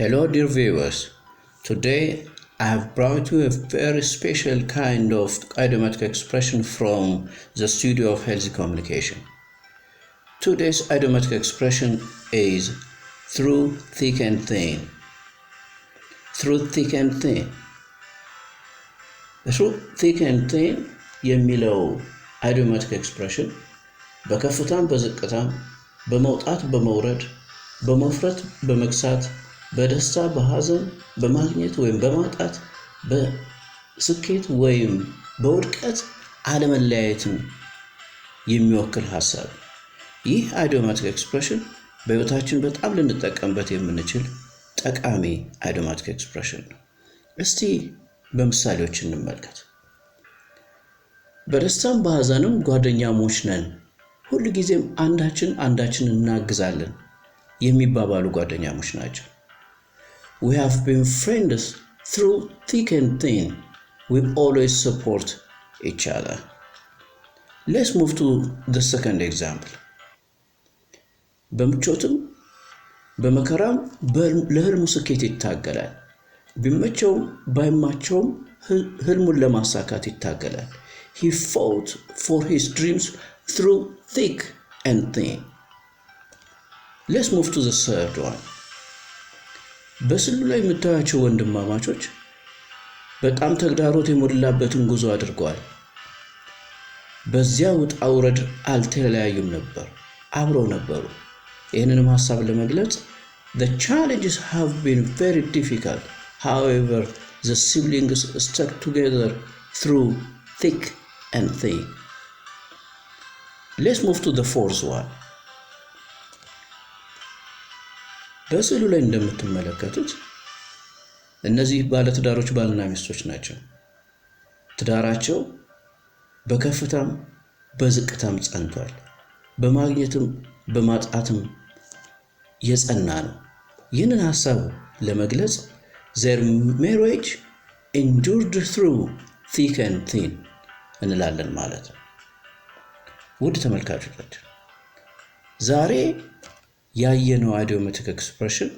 Hello, dear viewers. Today I have brought you a very special kind of idiomatic expression from the studio of healthy communication. Today's idiomatic expression is through thick and thin. Through thick and thin. through thick and thin Yemilo idiomatic expression. በከፍታም በዝቅታም በመውጣት በመውረድ በመፍረት በመግሳት በደስታ በሐዘን በማግኘት ወይም በማጣት በስኬት ወይም በውድቀት አለመለያየትን የሚወክል ሀሳብ። ይህ አይዲዮማቲክ ኤክስፕሬሽን በሕይወታችን በጣም ልንጠቀምበት የምንችል ጠቃሚ አይዲዮማቲክ ኤክስፕሬሽን ነው። እስቲ በምሳሌዎች እንመልከት። በደስታም በሐዘንም ጓደኛሞች ነን፣ ጊዜም አንዳችን አንዳችን እናግዛለን የሚባባሉ ጓደኛሞች ናቸው። We have been friends through thick and thin. We always support each other. Let's move to the second example. በምቾትም በመከራም ለህልሙ ስኬት ይታገላል። ቢመቸውም ባይማቸውም ህልሙን ለማሳካት ይታገላል። He fought for his dreams through thick and thin. Let's move to the third one. በስዕሉ ላይ የምታያቸው ወንድማማቾች በጣም ተግዳሮት የሞላበትን ጉዞ አድርገዋል። በዚያ ውጣ ውረድ አልተለያዩም ነበር፣ አብረው ነበሩ። ይህንንም ሀሳብ ለመግለጽ the challenges have been very difficult however the siblings stuck together through thick and thin let's move to the fourth one በስዕሉ ላይ እንደምትመለከቱት እነዚህ ባለትዳሮች ባልና ሚስቶች ናቸው። ትዳራቸው በከፍታም በዝቅታም ጸንቷል። በማግኘትም በማጣትም የጸና ነው። ይህንን ሀሳብ ለመግለጽ ዘር ሜሬጅ ኢንዱርድ ትሩ ቲክ ኤንድ ቲን እንላለን ማለት ነው። ውድ ተመልካቾቻችን ዛሬ ያየነው አዲዮማቲክ ኤክስፕሬሽን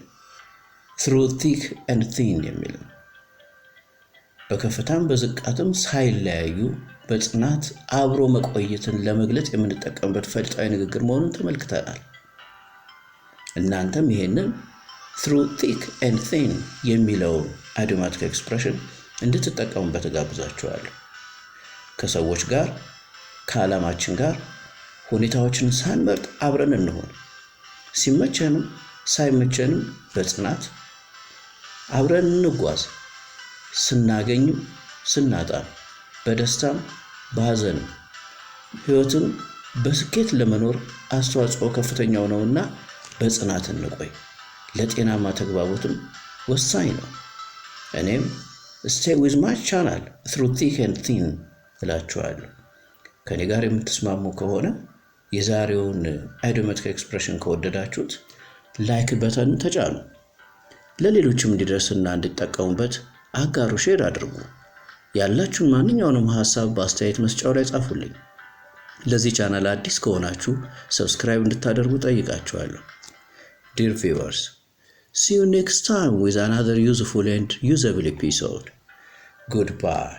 ትሩ ቲክ ኤንድ ቲን የሚል ነው። በከፍታም በዝቃትም ሳይለያዩ በጽናት አብሮ መቆየትን ለመግለጽ የምንጠቀምበት ፈልጣዊ ንግግር መሆኑን ተመልክተናል። እናንተም ይሄንን ትሩ ቲክ ኤንድ ቲን የሚለውን አዲዮማቲክ ኤክስፕሬሽን እንድትጠቀሙበት ጋብዛችኋለሁ። ከሰዎች ጋር ከዓላማችን ጋር ሁኔታዎችን ሳንመርጥ አብረን እንሆን። ሲመቸንም ሳይመቸንም በጽናት አብረን እንጓዝ። ስናገኝም ስናጣም፣ በደስታም በሐዘንም ሕይወትን በስኬት ለመኖር አስተዋጽኦ ከፍተኛው ነውና በጽናት እንቆይ። ለጤናማ ተግባቦትም ወሳኝ ነው። እኔም ስቴ ዊዝ ማይ ቻናል ትሩ ቲክ ኤንድ ቲን እላችኋለሁ። ከኔ ጋር የምትስማሙ ከሆነ የዛሬውን አይዶሜትሪክ ኤክስፕሬሽን ከወደዳችሁት ላይክ በተን ተጫኑ። ለሌሎችም እንዲደርስና እንዲጠቀሙበት አጋሩ፣ ሼር አድርጉ። ያላችሁን ማንኛውንም ሀሳብ በአስተያየት መስጫው ላይ ጻፉልኝ። ለዚህ ቻናል አዲስ ከሆናችሁ ሰብስክራይብ እንድታደርጉ ጠይቃችኋለሁ። ዲር ቪወርስ ሲ ኔክስት ታይም ዊዝ አናዘር ዩዝፉል ኤንድ ዩዘብል ኤፒሶድ ጉድባይ።